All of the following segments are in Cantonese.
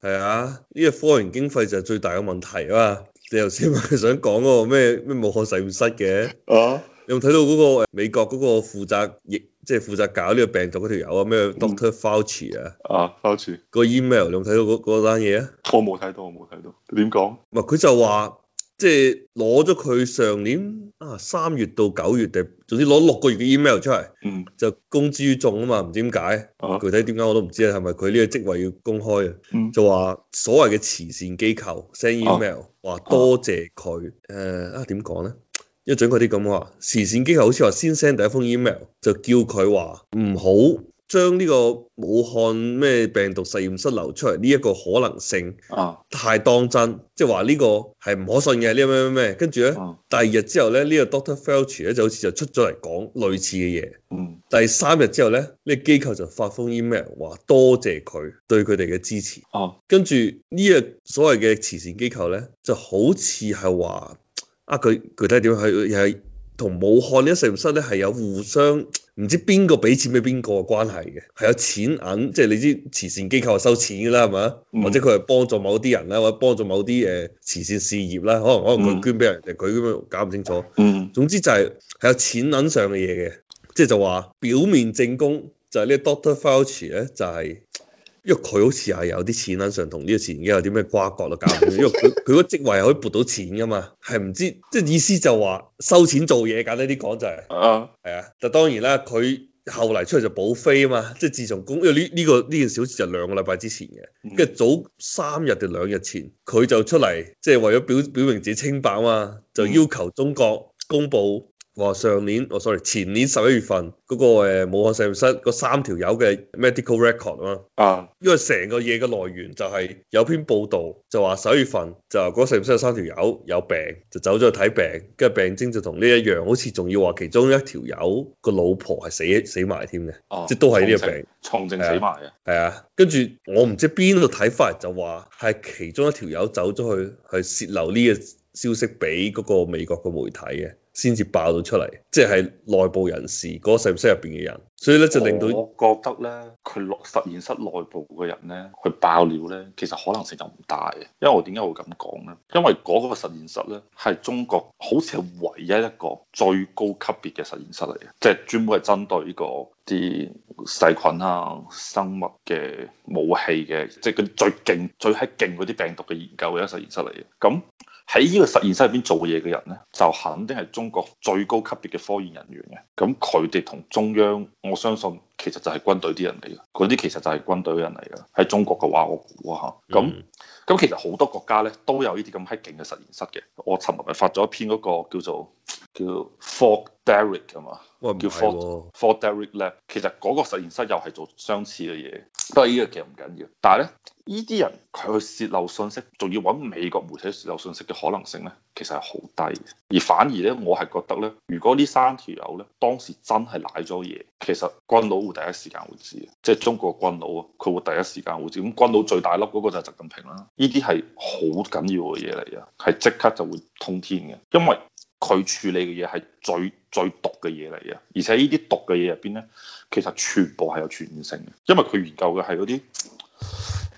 係啊，呢、這個科研經費就係最大嘅問題啊嘛。啊、你頭先咪想講嗰個咩咩武漢實驗室嘅？哦，有冇睇到嗰個美國嗰個負責疫，即係負責搞呢個病毒嗰條友啊？咩 Doctor Fauci 啊？啊，Fauci，個 email 有冇睇到嗰嗰單嘢啊？我冇睇到，我冇睇到。點講？唔係佢就話。即係攞咗佢上年啊三月到九月定，總之攞六個月嘅 email 出嚟，就公之於眾啊嘛，唔知點解？具體點解我都唔知啊，係咪佢呢個職位要公開啊？啊就話所謂嘅慈善機構 send email 話多謝佢、呃，啊，點講咧？因為準確啲咁話，慈善機構好似話先 send 第一封 email 就叫佢話唔好將呢個武漢咩病毒實驗室流出嚟呢一個可能性啊太當真，即係話呢個係唔可信嘅呢？咩咩咩？跟住咧，第二日之後咧，呢個 Doctor Fauci 咧就好似就出咗嚟講類似嘅嘢。嗯，第三日之後咧，呢個機構就發封 email 話多謝佢對佢哋嘅支持。哦，跟住呢個所謂嘅慈善機構咧，就好似係話啊佢佢具體點樣去喺。同武漢呢一實驗室咧係有互相唔知邊個俾錢俾邊個關係嘅，係有錢銀，即、就、係、是、你知慈善機構係收錢㗎啦，係嘛？嗯、或者佢係幫助某啲人啦，或者幫助某啲誒慈善事業啦，可能可能佢捐俾人哋，佢咁樣搞唔清楚。嗯。總之就係、是、係有錢銀上嘅嘢嘅，即係就話、是、表面證供就係、是、呢，Doctor Fauci 咧就係、是。因為佢好似係有啲錢喺上同呢個事件有啲咩瓜葛咯，搞到。因為佢佢個職位可以撥到錢噶嘛，係唔知即係意思就話收錢做嘢，簡單啲講就係、是，係、uh huh. 啊。但係當然啦，佢後嚟出嚟就補飛啊嘛，即係自從公因為呢、這、呢個呢件小事就兩個禮拜之前嘅，跟住、uh huh. 早三日定兩日前，佢就出嚟即係為咗表表明自己清白啊嘛，就要求中國公布。話上年，我、oh、sorry，前年十一月份嗰，嗰個誒武漢實驗室嗰三條友嘅 medical record 啊，啊，因為成個嘢嘅來源就係有篇報道就話十一月份就話嗰實驗室有三條友有病就走咗去睇病，病徵跟住病徵就同呢一樣，好似仲要話其中一條友個老婆係死死埋添嘅，哦，啊、即都係呢啲病重，重症死埋啊，係啊，跟住我唔知邊度睇法，就話係其中一條友走咗去係泄漏呢、這、嘅、個。消息俾嗰個美國嘅媒體嘅，先至爆到出嚟，即係內部人士嗰個實驗室入邊嘅人，所以咧就令到我覺得咧，佢落實驗室內部嘅人咧，佢爆料咧，其實可能性就唔大。因為我點解會咁講咧？因為嗰個實驗室咧，係中國好似係唯一一個最高級別嘅實驗室嚟嘅，即係專門係針對呢個啲細菌啊、生物嘅武器嘅，即係嗰啲最勁、最係勁嗰啲病毒嘅研究嘅一個實驗室嚟嘅。咁喺呢個實驗室入邊做嘢嘅人呢，就肯定係中國最高級別嘅科研人員嘅。咁佢哋同中央，我相信其實就係軍隊啲人嚟嘅。嗰啲其實就係軍隊人嚟嘅。喺中國嘅話我，我估下。咁。嗯咁其實好多國家咧都有呢啲咁閪勁嘅實驗室嘅。我尋日咪發咗一篇嗰、那個叫做叫 Fog Derek 啊嘛，叫 Fog Fog Derek, Derek l 其實嗰個實驗室又係做相似嘅嘢。不過呢個其實唔緊要。但係咧，呢啲人佢去洩漏信息，仲要揾美國媒體洩漏信息嘅可能性咧，其實係好低嘅，而反而咧，我係覺得咧，如果呢三條友咧當時真係瀨咗嘢，其實軍佬會第一時間會知，即係中國軍佬，啊，佢會第一時間會知。咁軍佬最大粒嗰個就係習近平啦，呢啲係好緊要嘅嘢嚟啊，係即刻就會通天嘅，因為佢處理嘅嘢係最最毒嘅嘢嚟啊，而且呢啲毒嘅嘢入邊咧，其實全部係有傳染性嘅，因為佢研究嘅係嗰啲。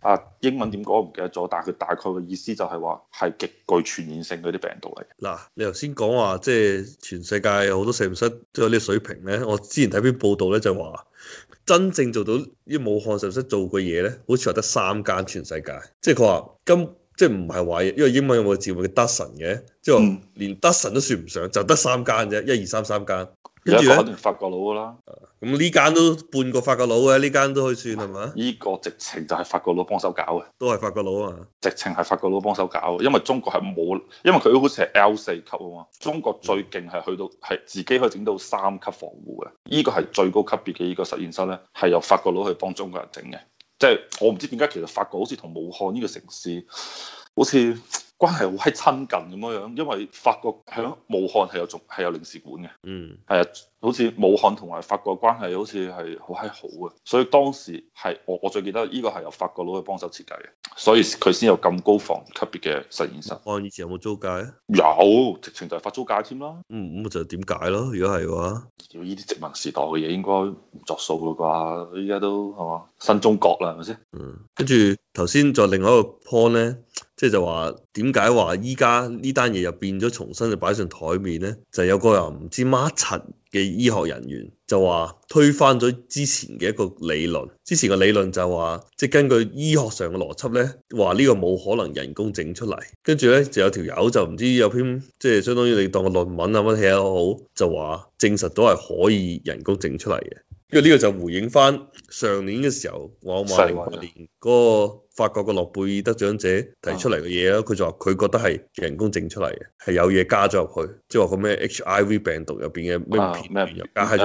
啊，英文點講我唔記得咗，但係佢大概嘅意思就係話係極具傳染性嗰啲病毒嚟。嗱、啊，你頭先講話即係全世界有好多實驗室，仲有啲水平咧。我之前睇篇報道咧，就話真正做到於武漢實驗室做嘅嘢咧，好似話得三間全世界。就是、即係佢話今即係唔係話嘢，因為英文有個字叫德神嘅，即係話連德神都算唔上，就得三間啫，一二三三,三間。而家肯定法國佬噶啦，咁呢間都半個法國佬嘅，呢間都可以算係嘛？呢個直情就係法國佬幫手搞嘅，都係法國佬啊！直情係法國佬幫手搞，因為中國係冇，因為佢好似係 L 四級啊嘛。中國最勁係去到係自己可以整到三級防護嘅，呢個係最高級別嘅呢個實驗室咧，係由法國佬去幫中國人整嘅。即係我唔知點解其實法國好似同武漢呢個城市好似。關係好係親近咁樣樣，因為法國響武漢係有仲係有領事館嘅，嗯，係啊。好似武漢同埋法國關係好似係好閪好嘅，所以當時係我我最記得呢個係由法國佬去幫手設計嘅，所以佢先有咁高防級別嘅實驗室，啊。按以前有冇租界啊？有，直情就係法租界添啦，嗯。嗯，咁就點解咯？如果係嘅話，要依啲殖民時代嘅嘢應該唔作數嘅啩？依家都係嘛？新中國啦，係咪先？嗯，跟住頭先再另外一個 point 咧，即係就話點解話依家呢單嘢又變咗重新就擺上台面咧？就係、有個人唔知抹塵。嘅醫學人員就話推翻咗之前嘅一個理論。之前嘅理論就話，即根據醫學上嘅邏輯咧，話呢個冇可能人工整出嚟，跟住咧就有條友就唔知有篇即係相當於你當個論文啊乜嘢都好，就話證實到係可以人工整出嚟嘅，因為呢個就回應翻上年嘅時候我話話年嗰法國個諾貝爾得獎者提出嚟嘅嘢啦，佢就話佢覺得係人工整出嚟嘅，係有嘢加咗入去，即係話個咩 HIV 病毒入邊嘅咩片咩入，啊、加喺度。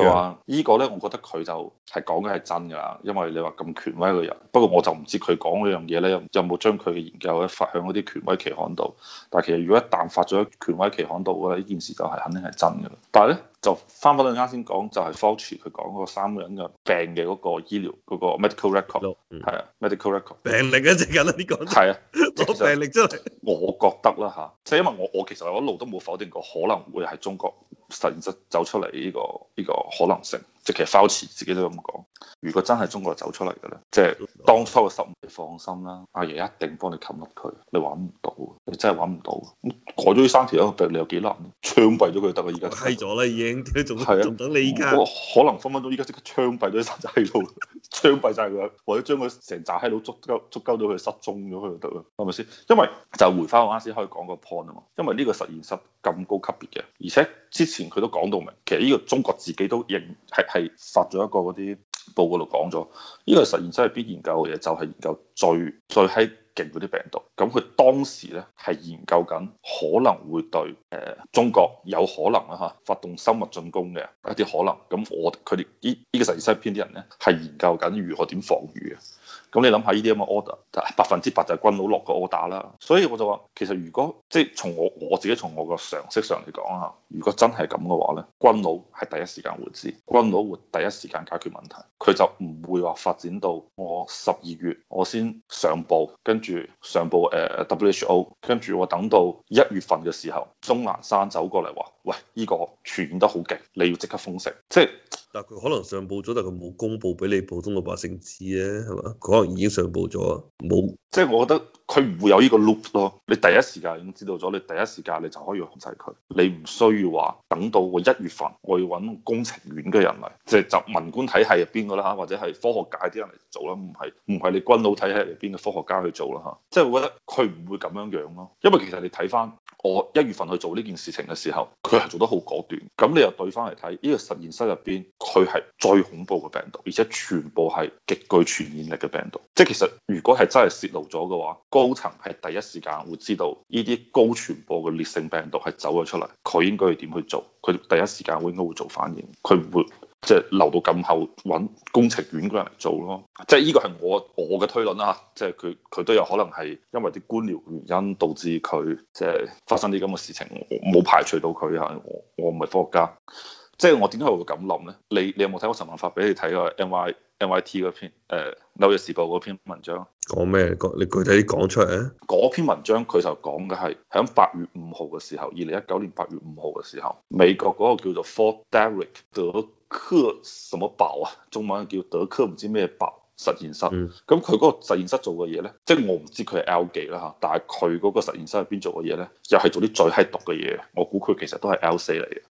佢話依個咧，我覺得佢就係講嘅係真㗎啦，因為你話咁權威嘅人。不過我就唔知佢講嗰樣嘢咧，有冇將佢嘅研究咧發向嗰啲權威期刊度。但係其實如果一旦發咗喺權威期刊度嘅話，呢件事就係肯定係真㗎啦。但係咧，就翻返到啱先講，就係、是、Fortune 佢講嗰三個人嘅病嘅嗰個醫療嗰、嗰個 medical record，係、嗯、啊 medical。病歷力只噶啦，呢個係啊，攞、啊、 病歷真係我覺得啦吓，即係 因為我我其實我一路都冇否定過，可能會喺中國實驗室走出嚟呢、呢個呢、呢個可能性。即其實 Fauci 自己都有咁講，如果真係中國走出嚟嘅咧，即係當初嘅十，你放心啦，阿爺一定幫你擒落佢，你揾唔到，你真係揾唔到。改咗啲三條喺度，你有幾難？槍斃咗佢得啊！而家廢咗啦已經，都仲仲等你依家。我可能分分鐘依家即刻槍斃咗啲生仔佬， 槍斃晒佢，或者將佢成扎喺度，捉鳩，捉鳩到佢失蹤咗佢就得啦，係咪先？因為就回翻我啱先可以講個 point 啊嘛，因為呢個實驗室咁高級別嘅，而且。之前佢都講到明，其實依個中國自己都認係，係發咗一個嗰啲報告嗰度講咗，依、這個實驗真係必研究嘅就係、是、研究最，最勁嗰啲病毒，咁佢當時咧係研究緊可能會對誒、呃、中國有可能啦、啊、嚇發動生物進攻嘅一啲可能，咁我佢哋呢呢個實驗室入邊啲人咧係研究緊如何點防禦嘅，咁你諗下呢啲咁嘅 order，百分之百就係軍佬落個 order 啦，所以我就話其實如果即係從我我自己從我個常識上嚟講啊，如果真係咁嘅話咧，軍佬係第一時間會知，軍佬會第一時間解決問題，佢就唔會話發展到我十二月我先上報跟跟住上報誒 WHO，跟住我等到一月份嘅時候，鍾南山走過嚟話：“喂，呢、這個傳染得好勁，你要即刻封城”，即係。但佢可能上報咗，但係佢冇公佈俾你普通老百姓知咧，係嘛？佢可能已經上報咗，冇。即係我覺得佢唔會有呢個 loop 咯。你第一時間已經知道咗，你第一時間你就可以控制佢。你唔需要話等到我一月份，我要揾工程院嘅人嚟，即係就文官體系入邊嘅啦嚇，或者係科學界啲人嚟做啦，唔係唔係你軍佬體系入邊嘅科學家去做啦嚇、啊。即係我覺得佢唔會咁樣樣咯，因為其實你睇翻我一月份去做呢件事情嘅時候，佢係做得好果斷。咁你又對翻嚟睇呢個實驗室入邊。佢係最恐怖嘅病毒，而且全部係極具傳染力嘅病毒。即係其實，如果係真係泄露咗嘅話，高層係第一時間會知道呢啲高傳播嘅烈性病毒係走咗出嚟，佢應該係點去做？佢第一時間應該會做反應，佢唔會即係留到咁後揾工程院嗰人做咯。即係呢個係我我嘅推論啦。即係佢佢都有可能係因為啲官僚原因導致佢即係發生啲咁嘅事情，冇排除到佢啊。我我唔係科學家。即係我點解會咁諗呢？你你有冇睇過陳文發俾你睇過 NY NYT 嗰篇誒紐約時報嗰篇文章？講咩？講你具體講出嚟。嗰篇文章佢就講嘅係喺八月五號嘅時候，二零一九年八月五號嘅時候，美國嗰個叫做 Fort Detrick 嘅科什麼爆啊？中文叫德科唔知咩爆實驗室。嗯。咁佢嗰個實驗室做嘅嘢呢，即係我唔知佢係 L 幾啦嚇，但係佢嗰個實驗室入邊做嘅嘢呢？又係做啲最係毒嘅嘢。我估佢其實都係 L 四嚟嘅。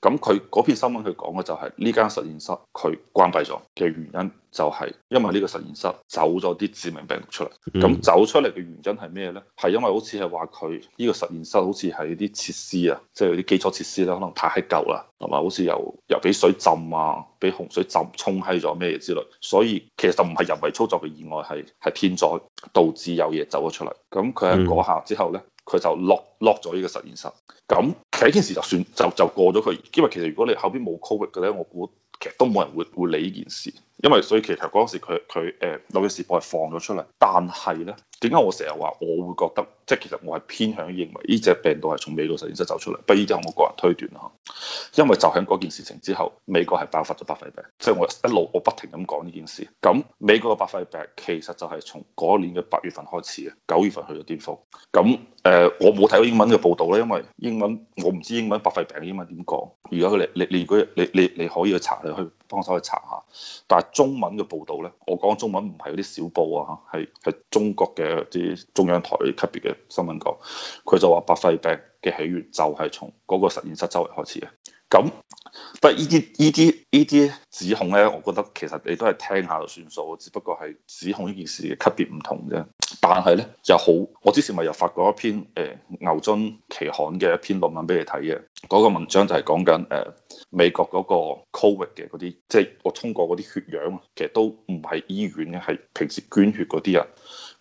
咁佢嗰篇新聞佢講嘅就係呢間實驗室佢關閉咗嘅原因就係因為呢個實驗室走咗啲致命病毒出嚟。咁走出嚟嘅原因係咩呢？係因為好似係話佢呢個實驗室好似係啲設施啊，即係啲基礎設施咧，可能太舊啦，同埋好似又又俾水浸啊，俾洪水浸沖稀咗咩之類。所以其實就唔係人為操作嘅意外，係係天災導致有嘢走咗出嚟。咁佢喺嗰下之後呢。嗯嗯。佢就落落咗呢個實驗室，咁其實呢件事就算就就過咗佢，因為其實如果你後邊冇 Covid 嘅咧，我估其實都冇人會會理呢件事。因為所以其實嗰時佢佢誒紐約時報係放咗出嚟，但係咧點解我成日話我會覺得，即係其實我係偏向於認為呢隻病毒係從美國實驗室走出嚟，不依啲係我個人推斷啦。因為就喺嗰件事情之後，美國係爆發咗白肺病，即係我一路我不停咁講呢件事。咁美國嘅白肺病其實就係從嗰一年嘅八月份開始嘅，九月份去咗巔峯。咁誒、呃、我冇睇過英文嘅報導咧，因為英文我唔知英文白肺病嘅英文點講。如果你你如果你你你，你可以去查下去。幫手去查下，但係中文嘅報道咧，我講中文唔係嗰啲小報啊，係係中國嘅啲中央台級別嘅新聞稿，佢就話白肺病嘅起源就係從嗰個實驗室周圍開始嘅，咁。不過呢啲呢啲呢啲指控咧，我覺得其實你都係聽下就算數，只不過係指控呢件事嘅級別唔同啫。但係咧又好，我之前咪又發過一篇誒、呃、牛津期刊嘅一篇論文俾你睇嘅，嗰、那個文章就係講緊誒、呃、美國嗰個 Covid 嘅嗰啲，即、就、係、是、我通過嗰啲血樣，其實都唔係醫院嘅，係平時捐血嗰啲人，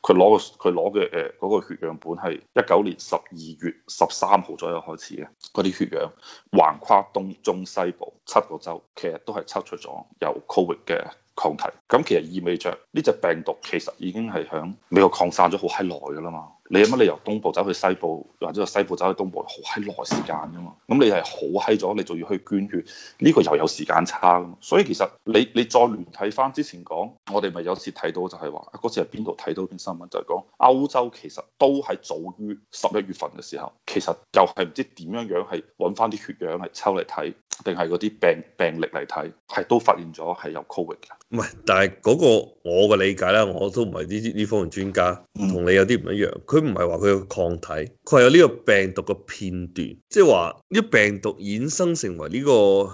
佢攞、呃那個佢攞嘅誒嗰血樣本係一九年十二月十三號左右開始嘅，嗰啲血樣橫跨東中西。七個州其實都係測出咗有 COVID 嘅抗體，咁其實意味着呢隻病毒其實已經係響美國擴散咗好閪耐噶啦嘛。你有乜理由東部走去西部，或者西部走去東部，好閪耐時間㗎嘛？咁你係好閪咗，你仲要去捐血，呢個又有時間差㗎嘛？所以其實你你再聯繫翻之前講，我哋咪有次睇到就係話，嗰次係邊度睇到篇新聞就係講歐洲其實都係早於十一月份嘅時候，其實又係唔知點樣樣係揾翻啲血樣嚟抽嚟睇，定係嗰啲病病歷嚟睇，係都發現咗係有 covid 嘅。唔係，但係嗰個我嘅理解咧，我都唔係呢啲呢方面專家，同你有啲唔一樣。佢唔係話佢有抗體，佢係有呢個病毒嘅片段，即係話呢個病毒衍生成為呢個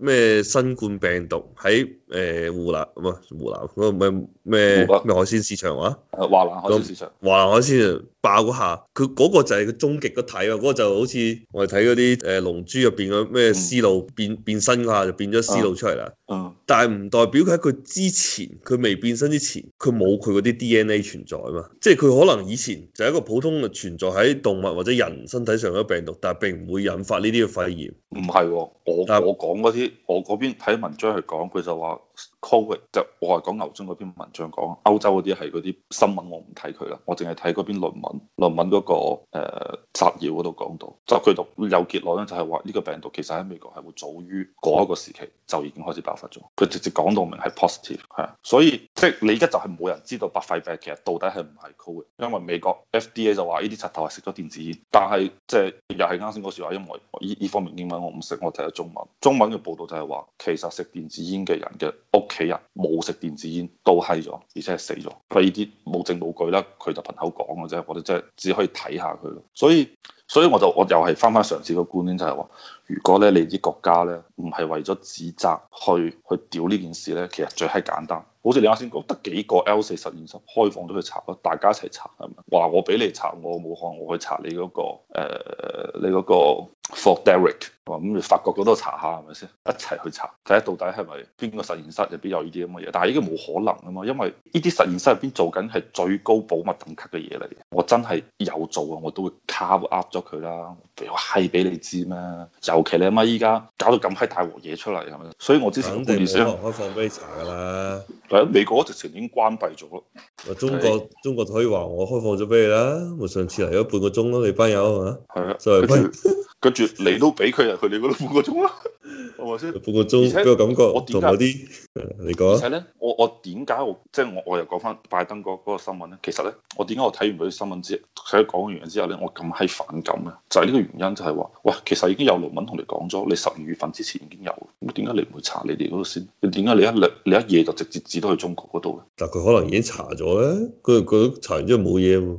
咩新冠病毒喺誒湖南唔係湖南唔係。咩咩海鮮市場話、啊、華南海鮮市場，華南海鮮場爆嗰下，佢嗰個就係佢終極個體啊。嗰、那個就好似我哋睇嗰啲誒《龍珠》入邊嘅咩思路變、嗯、變，變身嗰下，就變咗思路出嚟啦。嗯嗯、但係唔代表佢喺佢之前，佢未變身之前，佢冇佢嗰啲 DNA 存在啊嘛？即係佢可能以前就係一個普通嘅存在喺動物或者人身體上嘅病毒，但係並唔會引發呢啲嘅肺炎。唔係喎，我但是我講嗰啲，我嗰邊睇文章係講佢就話。COVID 就我係講牛津嗰篇文章講，歐洲嗰啲係嗰啲新聞我唔睇佢啦，我淨係睇嗰篇論文，論文嗰、嗰個誒摘要嗰度講到，就佢讀有結論咧，就係話呢個病毒其實喺美國係會早於嗰一個時期就已經開始爆發咗，佢直接講到明係 positive，係啊，所以即係、就是、你而家就係冇人知道白肺病其實到底係唔係 COVID，因為美國 FDA 就話呢啲柒頭係食咗電子煙，但係即係又係啱先嗰時話，因為呢依方面英文我唔識，我睇咗中文，中文嘅報導就係話其實食電子煙嘅人嘅。屋企人冇食電子煙，都係咗，而且係死咗。但係啲冇證冇據啦，佢就憑口講嘅啫。我哋真係只可以睇下佢。所以，所以我就我又係翻翻上次個觀點，就係話，如果咧你啲國家咧唔係為咗指責去去屌呢件事咧，其實最係簡單。好似你啱先講，得幾個 L 四實驗室開放咗去查，大家一齊查係咪？話我俾你查，我冇可能我去查你嗰個你嗰個。呃 For Derek，我話咁，法國嗰度查下係咪先，一齊去查，睇下到底係咪邊個實驗室入邊有呢啲咁嘅嘢。但係依個冇可能啊嘛，因為呢啲實驗室入邊做緊係最高保密等級嘅嘢嚟。我真係有做啊，我都會 cover up 咗佢啦。我係俾你知咩？尤其你阿媽依家搞到咁閪大鑊嘢出嚟，係咪？所以我之前都唔想開放咗俾你查㗎啦。係啊，美國直情已經關閉咗。的中國，中國可以話我開放咗俾你啦。我上次嚟咗半個鐘咯，你班友係咪啊？係啊的。就係。跟住你都俾佢入去你嗰度半個鐘啦。我咪先？半個鐘，俾個且感覺。我點解啲你講？而且咧，我我點解、就是、我即係我我又講翻拜登嗰個新聞咧？其實咧，我點解我睇完嗰啲新聞之，睇講完之後咧，我咁閪反感咧？就係、是、呢個原因就，就係話，喂，其實已經有論文同你講咗，你十二月份之前已經有，咁點解你唔會查你哋嗰度先？你點解你一兩你一夜就直接指到去中國嗰度咧？但佢可能已經查咗咧，佢佢查完之後冇嘢又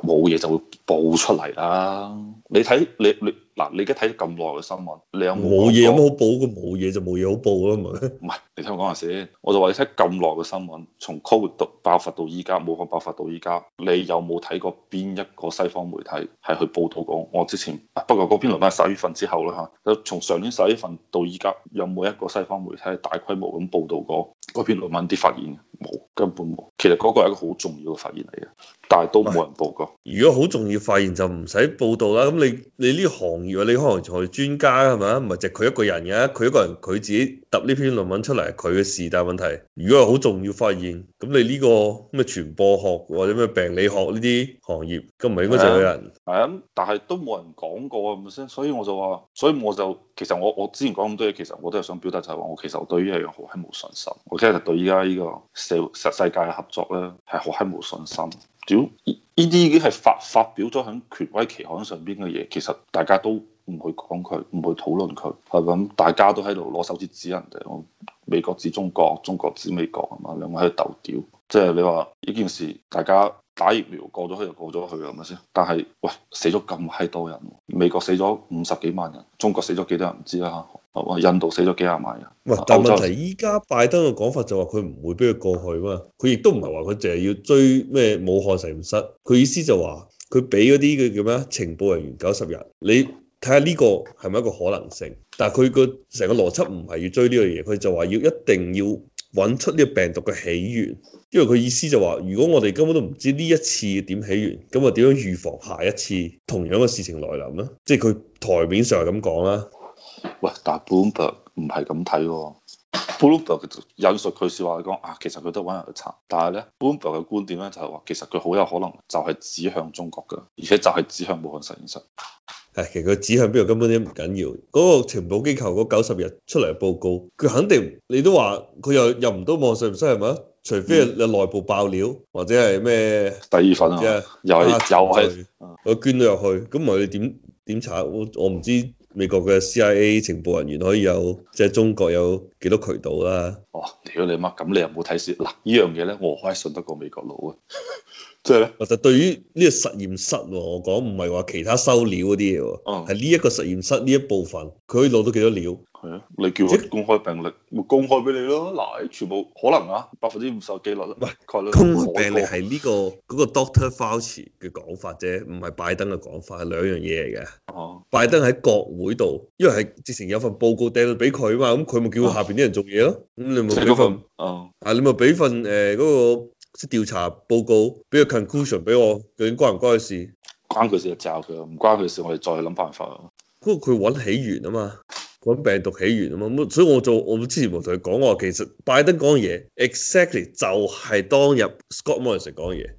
冇嘢就會爆出嚟啦。你睇你你嗱，你而家睇咗咁耐嘅新聞，你，你，麼你沒有冇？冇嘢咁好報，咁冇嘢就冇嘢好報啦，係咪？你聽我講下先，我就話你睇咁耐嘅新聞，從 COVID 爆發到依家，武漢爆發到依家，你有冇睇過邊一個西方媒體係去報導過？我之前、啊、不過嗰篇論文係十一月份之後啦嚇、啊。從上年十一月份到依家，有冇一個西方媒體係大規模咁報導過嗰篇論文啲發現？冇，根本冇。其實嗰個係一個好重要嘅發現嚟嘅，但係都冇人報導過、哎。如果好重要發現就唔使報導啦。咁你你呢行如果你可能才專家係咪啊？唔係淨佢一個人嘅、啊，佢一個人佢自己揼呢篇論文出嚟，係佢嘅事，但係問題，如果係好重要發現，咁你呢個咩傳播學或者咩病理學呢啲行業，咁唔係應該就有人？係啊，但係都冇人講過，係咪先？所以我就話，所以我就其實我我之前講咁多嘢，其實我都係想表達就係話，我其實我對呢樣好閪冇信心，我其實對依家呢個社會世界嘅合作咧，係好閪冇信心。屌呢啲已經係發發表咗喺權威期刊上邊嘅嘢，其實大家都。唔去講佢，唔去討論佢，係咁，大家都喺度攞手指指人哋，美國指中國，中國指美國，係嘛？兩位喺度鬥屌，即係你話呢件事，大家打疫苗過咗去就過咗去啊，係咪先？但係喂，死咗咁閪多人，美國死咗五十幾萬人，中國死咗幾多人唔知啊，哇！印度死咗幾十萬人。喂，但係問題依家拜登嘅講法就話佢唔會俾佢過去啊嘛，佢亦都唔係話佢淨係要追咩武漢實驗室，佢意思就話佢俾嗰啲嘅叫咩情報人員九十日，你。睇下呢個係咪一個可能性？但係佢個成個邏輯唔係要追呢樣嘢，佢就話要一定要揾出呢個病毒嘅起源。因為佢意思就話，如果我哋根本都唔知呢一次點起源，咁啊點樣預防下一次同樣嘅事情來臨咧？即係佢台面上係咁講啦。喂，但係 Boomba 唔係咁睇喎。Boomba 引述佢説話講啊，其實佢都揾人去查，但係咧，Boomba 嘅觀點咧就係話，其實佢好有可能就係指向中國㗎，而且就係指向武漢實驗室。係，其實佢指向邊度根本都唔緊要。嗰個情報機構嗰九十日出嚟嘅報告，佢肯定你都話佢又入唔到網上唔犀係咪？除非你內部爆料、嗯、或者係咩第二份啫、啊，又係陣又係佢捐咗入去，咁我哋你點點查？我我唔知美國嘅 CIA 情報人員可以有即係中國有幾多渠道啦。哦，屌你媽！咁你又冇睇書？嗱，呢樣嘢咧，我係信得過美國佬啊。 即係咧，就，就對於呢個實驗室我講，唔係話其他收料嗰啲嘢喎，係呢一個實驗室呢一部分，佢可以攞到幾多料？係啊，你叫佢公開病歷，咪公開俾你咯。嗱，全部可能啊，百分之五十幾率咯。喂，公開病歷係呢個嗰、嗰個 Doctor Fauci 嘅講法啫，唔係拜登嘅講法，係兩樣嘢嚟嘅。哦。拜登喺國會度，因為係之前有份報告掟到俾佢啊嘛，咁佢咪叫下邊啲人做嘢咯、啊。咁你咪俾份、嗯、份，啊，你咪俾份誒嗰即係調查報告，俾個 conclusion 俾我，究竟關唔關佢事？關佢事就罩佢咯，唔關佢事我哋再諗辦法咯。不過佢揾起源啊嘛，揾病毒起源啊嘛，咁所以我做我之前冇同佢講，我話其實拜登講嘢 exactly 就係當日 Scott Morrison 講嘢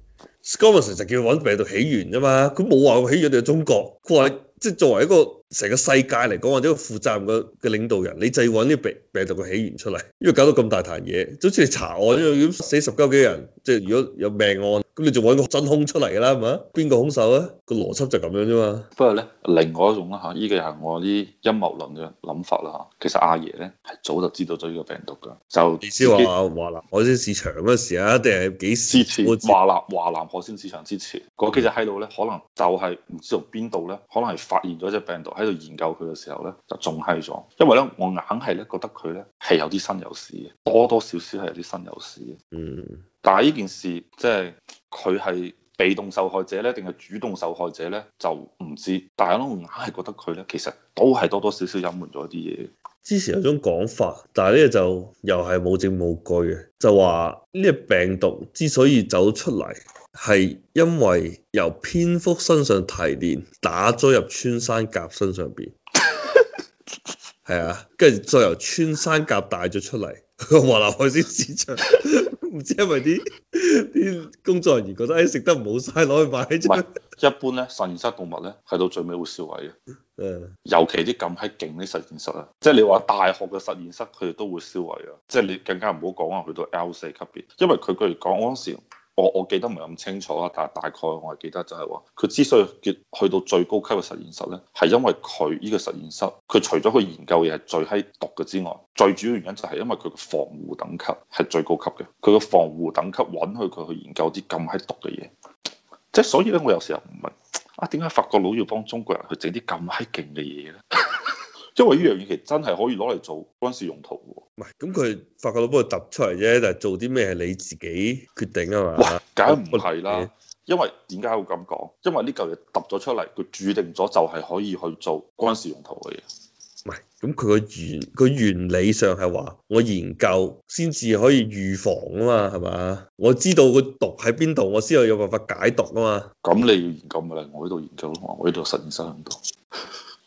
，Scott Morrison 就叫佢揾病毒起源啫嘛，佢冇話佢起源係中國，佢話。即係作為一個成個世界嚟講，或者一個負責任嘅嘅領導人，你就要揾啲病病毒嘅起源出嚟，因為搞到咁大壇嘢，就好似查案一樣，死十九幾人，即係如果有命案，咁你仲揾個真兇出嚟㗎啦，係咪？邊個兇手啊？個邏輯就咁樣啫嘛。不過咧，另外一種啦嚇，依個係我啲陰謀論嘅諗法啦嚇。其實阿爺咧係早就知道咗呢個病毒㗎，就意思話華南海鮮市場嗰陣時啊，定係幾年前？華南華南海鮮市場之前嗰幾隻閪佬咧，可能就係唔知道邊度咧，可能係。發現咗隻病毒喺度研究佢嘅時候呢，就仲閪咗，因為呢，我硬係咧覺得佢呢係有啲新有事嘅，多多少少係有啲新有事嘅。嗯，但係呢件事即係佢係被動受害者呢定係主動受害者呢，就唔知。但係我硬係覺得佢呢，其實都係多多少少隱瞞咗啲嘢。之前有種講法，但係咧就又係冇證冇據嘅，就話呢個病毒之所以走出嚟，係因為由蝙蝠身上提煉打咗入穿山甲身上邊，係啊，跟住再由穿山甲帶咗出嚟華南海鮮市場，唔 知係咪啲？啲工作人員覺得誒，食得唔好嘥，攞去賣。唔係一般咧實驗室動物咧係到最尾會銷毀嘅，誒 尤其啲咁喺勁啲實驗室啊，即係你話大學嘅實驗室佢哋都會銷毀啊，即係你更加唔好講話去到 L 四級別，因為佢哋講嗰陣時。我我記得唔係咁清楚啦，但係大概我係記得就係話，佢之所以叫去到最高級嘅實驗室呢，係因為佢呢個實驗室，佢除咗佢研究嘢係最閪毒嘅之外，最主要原因就係因為佢嘅防護等級係最高級嘅，佢嘅防護等級允許佢去研究啲咁閪毒嘅嘢，即係所以呢，我有時候唔明啊，點解法國佬要幫中國人去整啲咁閪勁嘅嘢呢？因為呢樣嘢其實真係可以攞嚟做軍事用途喎。唔係，咁佢發覺到幫佢揼出嚟啫，但係做啲咩係你自己決定啊嘛？解唔係啦、欸因？因為點解會咁講？因為呢嚿嘢揼咗出嚟，佢注定咗就係可以去做軍事用途嘅嘢。唔係，咁佢個原佢原理上係話，我研究先至可以預防啊嘛，係嘛？我知道個毒喺邊度，我先有有辦法解毒啊嘛。咁你要研究咪？嚟我呢度研究，我呢度實驗室響度。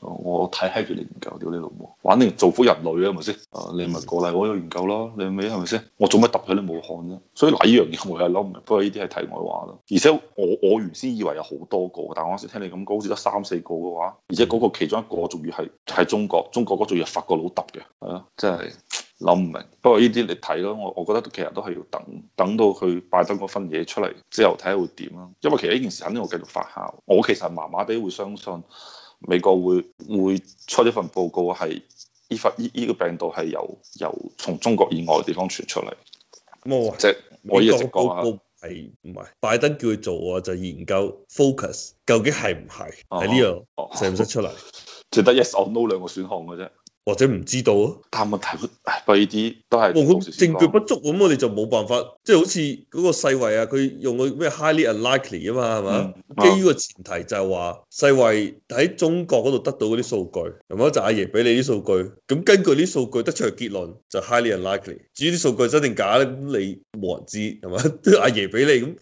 我睇閪住你研究，屌你老母，玩定造福人類啊，係咪先？啊，你咪過嚟我度研究咯，你咪係咪先？我做乜揼佢你武漢啫？所以嗱，依樣嘢我又諗唔明，不過呢啲係題外話咯。而且我我原先以為有好多個，但係我嗰時聽你咁講，好似得三四個嘅話，而且嗰個其中一個仲要係喺中國，中國嗰個仲要法國佬揼嘅，係咯，真係諗唔明。不過呢啲你睇咯，我我覺得其實都係要等等到佢拜登嗰份嘢出嚟之後睇下會點啦。因為其實呢件事肯定會繼續發酵。我其實麻麻地會相信。美國會會出一份報告係，依發依依個病毒係由由從中國以外嘅地方傳出嚟，冇即係美國報告係唔係？拜登叫佢做啊，就研究 focus 究竟係唔係喺呢度，成唔得出嚟，只得 yes or no 兩個選項嘅啫。或者唔知道啊，但問題唉，嗰啲都係證據不足咁，我哋就冇辦法，即係好似嗰個世衛啊，佢用個咩 highly unlikely 啊嘛，係嘛？基於個前提就係話世衛喺中國嗰度得到嗰啲數據，係咪？就阿爺俾你啲數據，咁根據啲數據得出嘅結論就 highly unlikely，至於啲數據真定假咧，咁你冇人知係嘛？都阿爺俾你咁，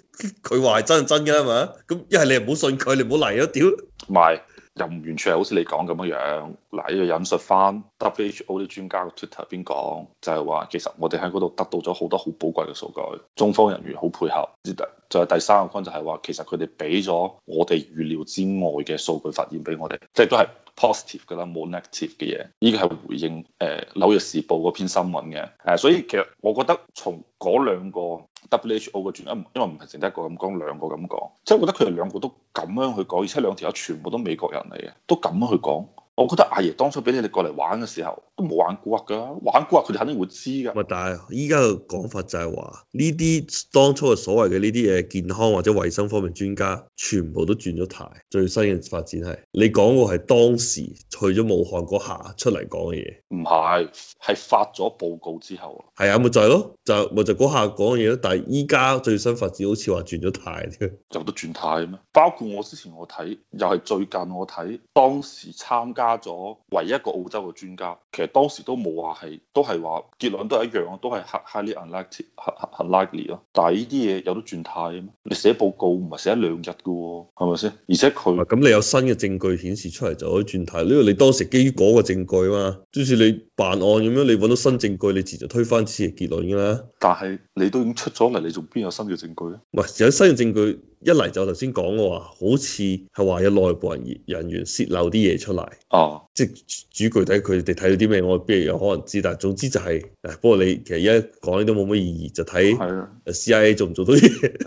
佢話係真係真噶啦嘛？咁一係你又唔好信佢，你唔好嚟咯，屌，係。又唔完全係好似你講咁樣樣，嗱，呢度引述翻 WHO 啲專家嘅 Twitter 邊講，就係話其實我哋喺嗰度得到咗好多好寶貴嘅數據，中方人員好配合。就仲、是、第三個觀就係話，其實佢哋俾咗我哋預料之外嘅數據發現俾我哋，即、就、係、是、都係。positive 㗎啦，冇 negative 嘅嘢，呢個係回應誒、呃、紐約時報嗰篇新聞嘅，誒所以其實我覺得從嗰兩個 WHO 嘅轉音，因為唔係淨得一個咁講，兩個咁講，即係我覺得佢哋兩個都咁樣去講，而且兩條友全部都美國人嚟嘅，都咁樣去講。我覺得阿爺當初俾你哋過嚟玩嘅時候，都冇玩古惑噶，玩古惑佢哋肯定會知噶。喂，但係依家嘅講法就係話呢啲當初嘅所謂嘅呢啲嘢，健康或者衛生方面專家全部都轉咗態。最新嘅發展係你講過係當時去咗武漢嗰下出嚟講嘅嘢，唔係，係發咗報告之後。係啊，咪就係咯，就咪就嗰下講嘅嘢咯。但係依家最新發展好似話轉咗態添，有得轉態咩？包括我之前我睇，又係最近我睇當時參加。加咗唯一一個澳洲嘅專家，其實當時都冇話係，都係話結論都係一樣，都係 highly unlikely，unlikely 咯。但係呢啲嘢有得轉態啊嘛。你寫報告唔係寫一兩日嘅喎，係咪先？而且佢咁你有新嘅證據顯示出嚟就可以轉態，因為你當時基於嗰個證據啊嘛。即係你辦案咁樣，你揾到新證據，你自然推翻之前結論㗎啦。但係你都已經出咗嚟，你仲邊有新嘅證據咧？唔係有新嘅證據，一嚟就頭先講嘅話，好似係話有內部人員人員洩漏啲嘢出嚟。哦即，即係主具體佢哋睇到啲咩，我邊有可能知？但係總之就係、是、誒。不過你其實而家講呢啲都冇乜意義，就睇係、哦、 啊。CIA 做唔做到嘢，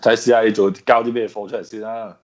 睇 CIA 做交啲咩貨出嚟先啦。